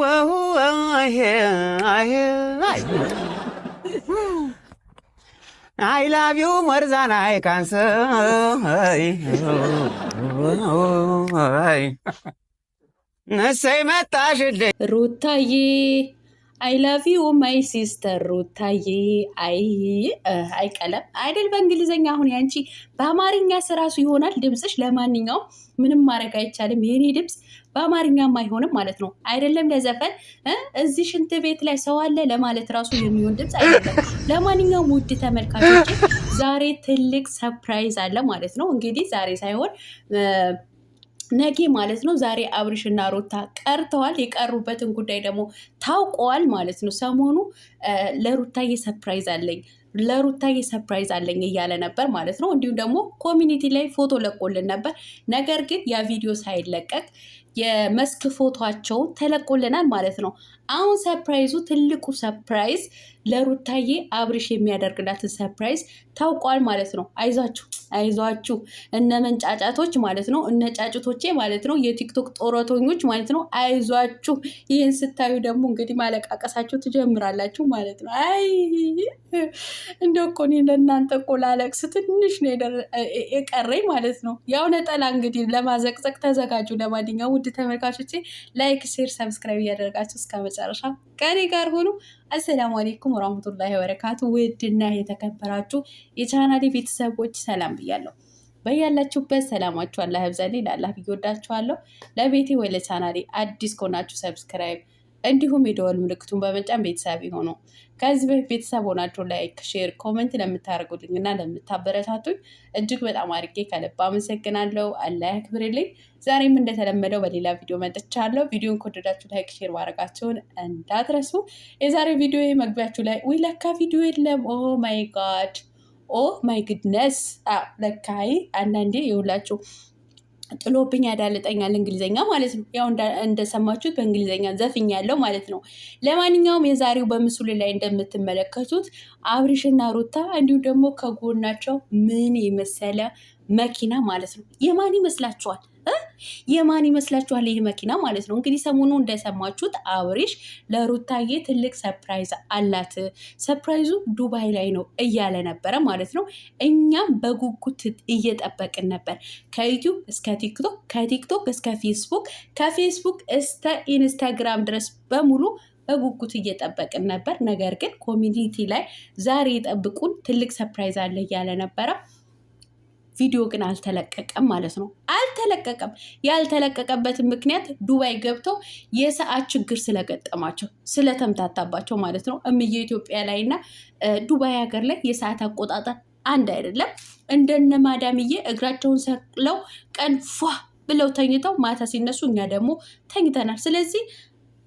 وهو አይ ላቭ ዩ መርዛን አይ ካንሰር ነሰይ መጣሽልኝ ሩታዬ አይ ላቭ ዩ ማይ ሲስተር ሩታዬ። አይ አይደል በእንግሊዝኛ። አሁን ያንቺ በአማርኛ ስራሱ ይሆናል ድምፅሽ። ለማንኛውም ምንም ማድረግ አይቻልም። የኔ ድምፅ በአማርኛም አይሆንም ማለት ነው። አይደለም ለዘፈን እዚህ ሽንት ቤት ላይ ሰው አለ ለማለት ራሱ የሚሆን ድምፅ አይደለም። ለማንኛውም ውድ ተመልካቾች ዛሬ ትልቅ ሰርፕራይዝ አለ ማለት ነው። እንግዲህ ዛሬ ሳይሆን ነጌ ማለት ነው። ዛሬ አብርሽና ሩታ ቀርተዋል። የቀሩበትን ጉዳይ ደግሞ ታውቀዋል ማለት ነው። ሰሞኑ ለሩታዬ ሰፕራይዝ አለኝ ለሩታዬ ሰፕራይዝ አለኝ እያለ ነበር ማለት ነው። እንዲሁም ደግሞ ኮሚኒቲ ላይ ፎቶ ለቆልን ነበር። ነገር ግን ያ ቪዲዮ ሳይለቀቅ የመስክ ፎቷቸውን ተለቆልናል ማለት ነው። አሁን ሰርፕራይዙ ትልቁ ሰርፕራይዝ ለሩታዬ አብርሽ የሚያደርግላትን ሰርፕራይዝ ታውቋል ማለት ነው። አይዟችሁ አይዟችሁ እነ መንጫጫቶች ማለት ነው፣ እነ ጫጭቶቼ ማለት ነው፣ የቲክቶክ ጦረቶኞች ማለት ነው። አይዟችሁ ይህን ስታዩ ደግሞ እንግዲህ ማለቃቀሳችሁ ትጀምራላችሁ ማለት ነው። አይ እንደው እኮ እኔ ለእናንተ እኮ ላለቅስ ትንሽ ነው የቀረኝ ማለት ነው። ያው ነጠላ እንግዲህ ለማዘቅዘቅ ተዘጋጁ። ለማንኛውም ውድ ተመልካቾቼ ላይክ፣ ሼር፣ ሰብስክራይብ እያደረጋችሁ እስከ መጨረሻ ከኔ ጋር ሆኑ። አሰላሙ አሌይኩም ወራህመቱላሂ ወበረካቱ። ውድና የተከበራችሁ የቻናሌ ቤተሰቦች ሰላም ብያለሁ። በያላችሁበት ሰላማችሁ አላህ ያብዛልኝ። ለአላህ ብዬ ወዳችኋለሁ። ለቤቴ ወይ ለቻናሌ አዲስ ከሆናችሁ ሰብስክራይብ እንዲሁም የደወል ምልክቱን በመጫን ቤተሰብ የሆኑ ከዚህ በፊት ቤተሰብ ሆናችሁ ላይክ፣ ሼር፣ ኮመንት ለምታደርጉልኝ እና ለምታበረታቱኝ እጅግ በጣም አድርጌ ከልብ አመሰግናለሁ። አላህ ያክብርልኝ። ዛሬም እንደተለመደው በሌላ ቪዲዮ መጥቻለሁ። ቪዲዮን ከወደዳችሁ ላይክ፣ ሼር ማድረጋችሁን እንዳትረሱ። የዛሬ ቪዲዮ መግቢያችሁ ላይ ወይ ለካ ቪዲዮ የለም ኦ ማይ ጋድ ኦ ማይ ግድነስ ለካይ አንዳንዴ ይውላችሁ ጥሎብኝ ያዳልጠኛል እንግሊዘኛ ማለት ነው። ያው እንደሰማችሁት በእንግሊዘኛ ዘፍኝ ያለው ማለት ነው። ለማንኛውም የዛሬው በምስሉ ላይ እንደምትመለከቱት አብርሽና ሩታ እንዲሁም ደግሞ ከጎናቸው ምን የመሰለ መኪና ማለት ነው። የማን ይመስላችኋል? የማን ይመስላችኋል? ይህ መኪና ማለት ነው። እንግዲህ ሰሞኑ እንደሰማችሁት አብርሽ ለሩታዬ ትልቅ ሰፕራይዝ አላት፣ ሰፕራይዙ ዱባይ ላይ ነው እያለ ነበረ ማለት ነው። እኛም በጉጉት እየጠበቅን ነበር። ከዩቲዩብ እስከ ቲክቶክ፣ ከቲክቶክ እስከ ፌስቡክ፣ ከፌስቡክ እስከ ኢንስታግራም ድረስ በሙሉ በጉጉት እየጠበቅን ነበር። ነገር ግን ኮሚኒቲ ላይ ዛሬ የጠብቁን ትልቅ ሰፕራይዝ አለ እያለ ነበረ። ቪዲዮ ግን አልተለቀቀም ማለት ነው። አልተለቀቀም። ያልተለቀቀበትን ምክንያት ዱባይ ገብተው የሰዓት ችግር ስለገጠማቸው ስለተምታታባቸው ማለት ነው። እምዬ ኢትዮጵያ ላይ እና ዱባይ ሀገር ላይ የሰዓት አቆጣጠር አንድ አይደለም። እንደነ ማዳምዬ እግራቸውን ሰቅለው ቀን ፏ ብለው ተኝተው ማታ ሲነሱ እኛ ደግሞ ተኝተናል። ስለዚህ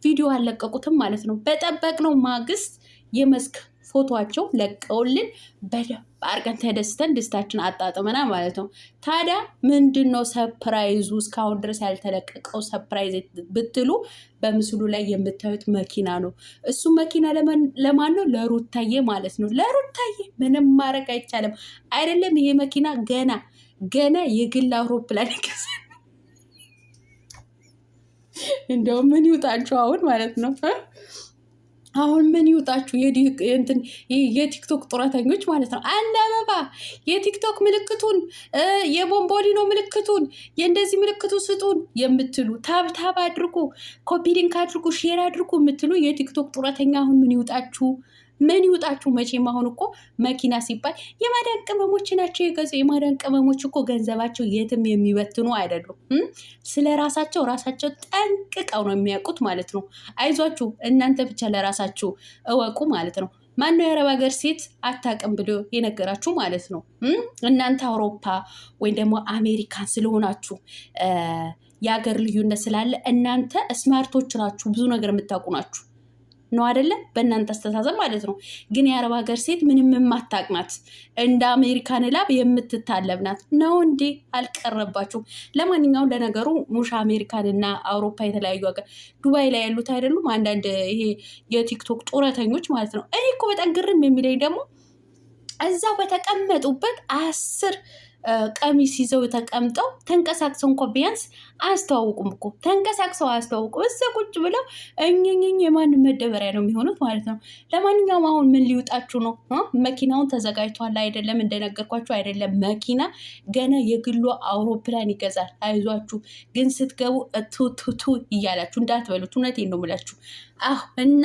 ቪዲዮ አልለቀቁትም ማለት ነው። በጠበቅነው ማግስት የመስክ ፎቶቸው ለቀውልን በደንብ አርቀን ተደስተን ደስታችን አጣጥመና ማለት ነው። ታዲያ ምንድን ነው ሰፕራይዙ? እስካሁን ድረስ ያልተለቀቀው ሰፕራይዝ ብትሉ በምስሉ ላይ የምታዩት መኪና ነው። እሱ መኪና ለማን ነው? ለሩታዬ ማለት ነው። ለሩታዬ ምንም ማድረግ አይቻልም። አይደለም ይሄ መኪና ገና ገና የግል አውሮፕላን ገዛ። እንደውም ምን ይውጣቸው አሁን ማለት ነው። አሁን ምን ይውጣችሁ የቲክቶክ ጡረተኞች ማለት ነው። አንድ አበባ የቲክቶክ ምልክቱን የቦምቦሊኖ ምልክቱን የእንደዚህ ምልክቱ ስጡን የምትሉ ታብታብ አድርጉ፣ ኮፒ ሊንክ አድርጉ፣ ሼር አድርጉ የምትሉ የቲክቶክ ጡረተኛ አሁን ምን ይውጣችሁ? ምን ይውጣችሁ። መቼም አሁን እኮ መኪና ሲባል የማዳን ቅመሞች ናቸው የገዙ። የማዳን ቅመሞች እኮ ገንዘባቸው የትም የሚበትኑ አይደሉም። ስለ ራሳቸው ራሳቸው ጠንቅቀው ነው የሚያውቁት ማለት ነው። አይዟችሁ እናንተ ብቻ ለራሳችሁ እወቁ ማለት ነው። ማን ነው የአረብ ሀገር ሴት አታውቅም ብሎ የነገራችሁ ማለት ነው። እናንተ አውሮፓ ወይም ደግሞ አሜሪካን ስለሆናችሁ የሀገር ልዩነት ስላለ እናንተ ስማርቶች ናችሁ፣ ብዙ ነገር የምታውቁ ናችሁ። ነው አደለ? በእናንተ አስተሳሰብ ማለት ነው። ግን የአረብ ሀገር ሴት ምንም የማታውቅ ናት፣ እንደ አሜሪካን ላብ የምትታለብ ናት። ነው እንዴ? አልቀረባችሁ። ለማንኛውም ለነገሩ ሙሻ አሜሪካን እና አውሮፓ የተለያዩ ሀገር ዱባይ ላይ ያሉት አይደሉም? አንዳንድ ይሄ የቲክቶክ ጡረተኞች ማለት ነው። እኔ እኮ በጣም ግርም የሚለኝ ደግሞ እዛው በተቀመጡበት አስር ቀሚስ ይዘው ተቀምጠው ተንቀሳቅሰው እንኳ ቢያንስ አያስተዋውቁም እኮ ተንቀሳቅሰው አያስተዋውቁም። እዛ ቁጭ ብለው እኝኝኝ የማንም መደበሪያ ነው የሚሆኑት ማለት ነው። ለማንኛውም አሁን ምን ሊውጣችሁ ነው? መኪናውን ተዘጋጅቷል አይደለም? እንደነገርኳችሁ አይደለም መኪና ገና የግሉ አውሮፕላን ይገዛል። አይዟችሁ ግን ስትገቡ ቱቱቱ እያላችሁ እንዳትበሉት። እውነቴን ነው የምላችሁ አሁ እና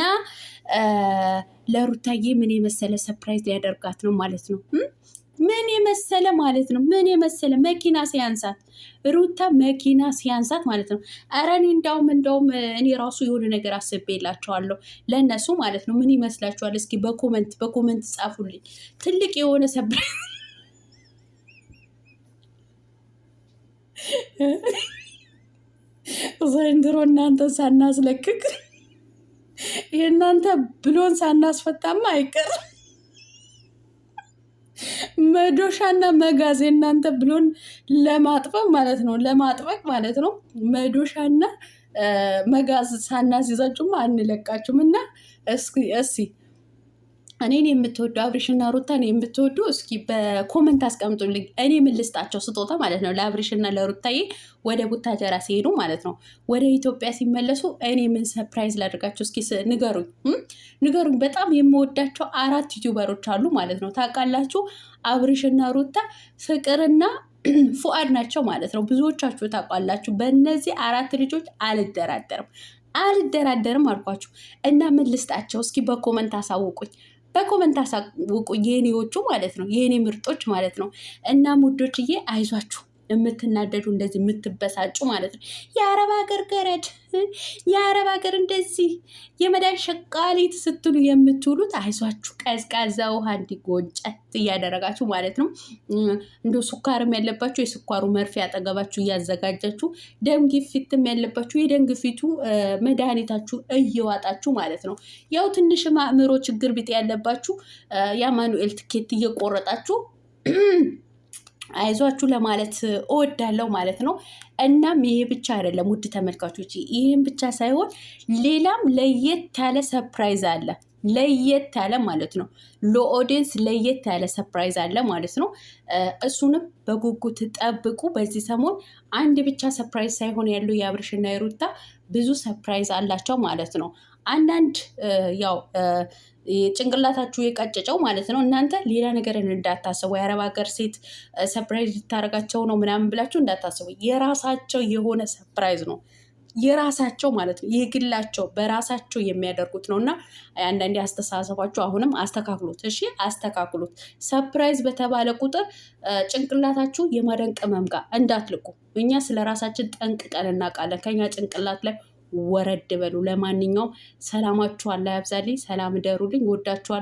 ለሩታዬ ምን የመሰለ ሰፕራይዝ ሊያደርጋት ነው ማለት ነው። ምን የመሰለ ማለት ነው። ምን የመሰለ መኪና ሲያንሳት ሩታ መኪና ሲያንሳት ማለት ነው። ኧረ እኔ እንዳውም እንዳውም እኔ ራሱ የሆነ ነገር አስቤላቸዋለሁ ለእነሱ ማለት ነው። ምን ይመስላችኋል? እስኪ በኮመንት በኮመንት ጻፉልኝ። ትልቅ የሆነ ሰብረ ዘንድሮ እናንተን ሳናስለቅቅ የእናንተ ብሎን ሳናስፈታማ አይቀርም። መዶሻና መጋዜ እናንተ ብሎን ለማጥበቅ ማለት ነው፣ ለማጥበቅ ማለት ነው። መዶሻና መጋዝ ሳናስይዛችሁም አንለቃችሁም እና እስኪ እኔን የምትወዱ አብሪሽና ሩታን የምትወዱ እስኪ በኮመንት አስቀምጡልኝ። እኔ ምን ልስጣቸው ስጦታ ማለት ነው ለአብሪሽና ለሩታዬ ወደ ቡታጀራ ሲሄዱ ማለት ነው ወደ ኢትዮጵያ ሲመለሱ እኔ ምን ሰርፕራይዝ ላድርጋቸው እስኪ ንገሩኝ ንገሩኝ። በጣም የምወዳቸው አራት ዩቲዩበሮች አሉ ማለት ነው ታውቃላችሁ። አብሪሽና ሩታ ፍቅርና ፉአድ ናቸው ማለት ነው። ብዙዎቻችሁ ታውቃላችሁ። በእነዚህ አራት ልጆች አልደራደርም አልደራደርም አልኳችሁ እና ምን ልስጣቸው እስኪ በኮመንት አሳውቁኝ። በኮመንት አሳውቁ የኔዎቹ ማለት ነው የኔ ምርጦች ማለት ነው። እና ውዶችዬ አይዟችሁ። የምትናደዱ እንደዚህ የምትበሳጩ ማለት ነው። የአረብ ሀገር ገረድ፣ የአረብ ሀገር እንደዚህ የመዳን ሸቃሊት ስትሉ የምትውሉት አይዟችሁ፣ ቀዝቃዛ ውሃ እንዲጎንጨት እያደረጋችሁ ማለት ነው። እንደ ሱካርም ያለባችሁ የስኳሩ መርፌ አጠገባችሁ እያዘጋጃችሁ፣ ደም ግፊትም ያለባችሁ የደም ግፊቱ መድኃኒታችሁ እየዋጣችሁ ማለት ነው። ያው ትንሽ ማእምሮ ችግር ቢጤ ያለባችሁ የአማኑኤል ትኬት እየቆረጣችሁ አይዟችሁ ለማለት እወዳለሁ ማለት ነው። እናም ይሄ ብቻ አይደለም ውድ ተመልካቾች፣ ይህም ብቻ ሳይሆን ሌላም ለየት ያለ ሰፕራይዝ አለ። ለየት ያለ ማለት ነው። ለኦዲየንስ ለየት ያለ ሰፕራይዝ አለ ማለት ነው። እሱንም በጉጉት ጠብቁ። በዚህ ሰሞን አንድ ብቻ ሰፕራይዝ ሳይሆን ያሉ የአብርሽና የሩታ ብዙ ሰፕራይዝ አላቸው ማለት ነው። አንዳንድ ያው ጭንቅላታችሁ የቀጨጨው ማለት ነው። እናንተ ሌላ ነገርን እንዳታስቡ፣ የአረብ ሀገር ሴት ሰፕራይዝ ልታደርጋቸው ነው ምናምን ብላችሁ እንዳታስቡ። የራሳቸው የሆነ ሰፕራይዝ ነው የራሳቸው ማለት ነው። የግላቸው በራሳቸው የሚያደርጉት ነው እና አንዳንዴ አስተሳሰባችሁ አሁንም አስተካክሉት፣ እሺ አስተካክሉት። ሰፕራይዝ በተባለ ቁጥር ጭንቅላታችሁ የማደንቅ መምጋ እንዳትልቁ። እኛ ስለ ራሳችን ጠንቅቀን እናውቃለን። ከኛ ጭንቅላት ላይ ወረድ በሉ። ለማንኛውም ሰላማችሁ አላ ያብዛልኝ። ሰላም ደሩልኝ፣ ወዳችኋለሁ።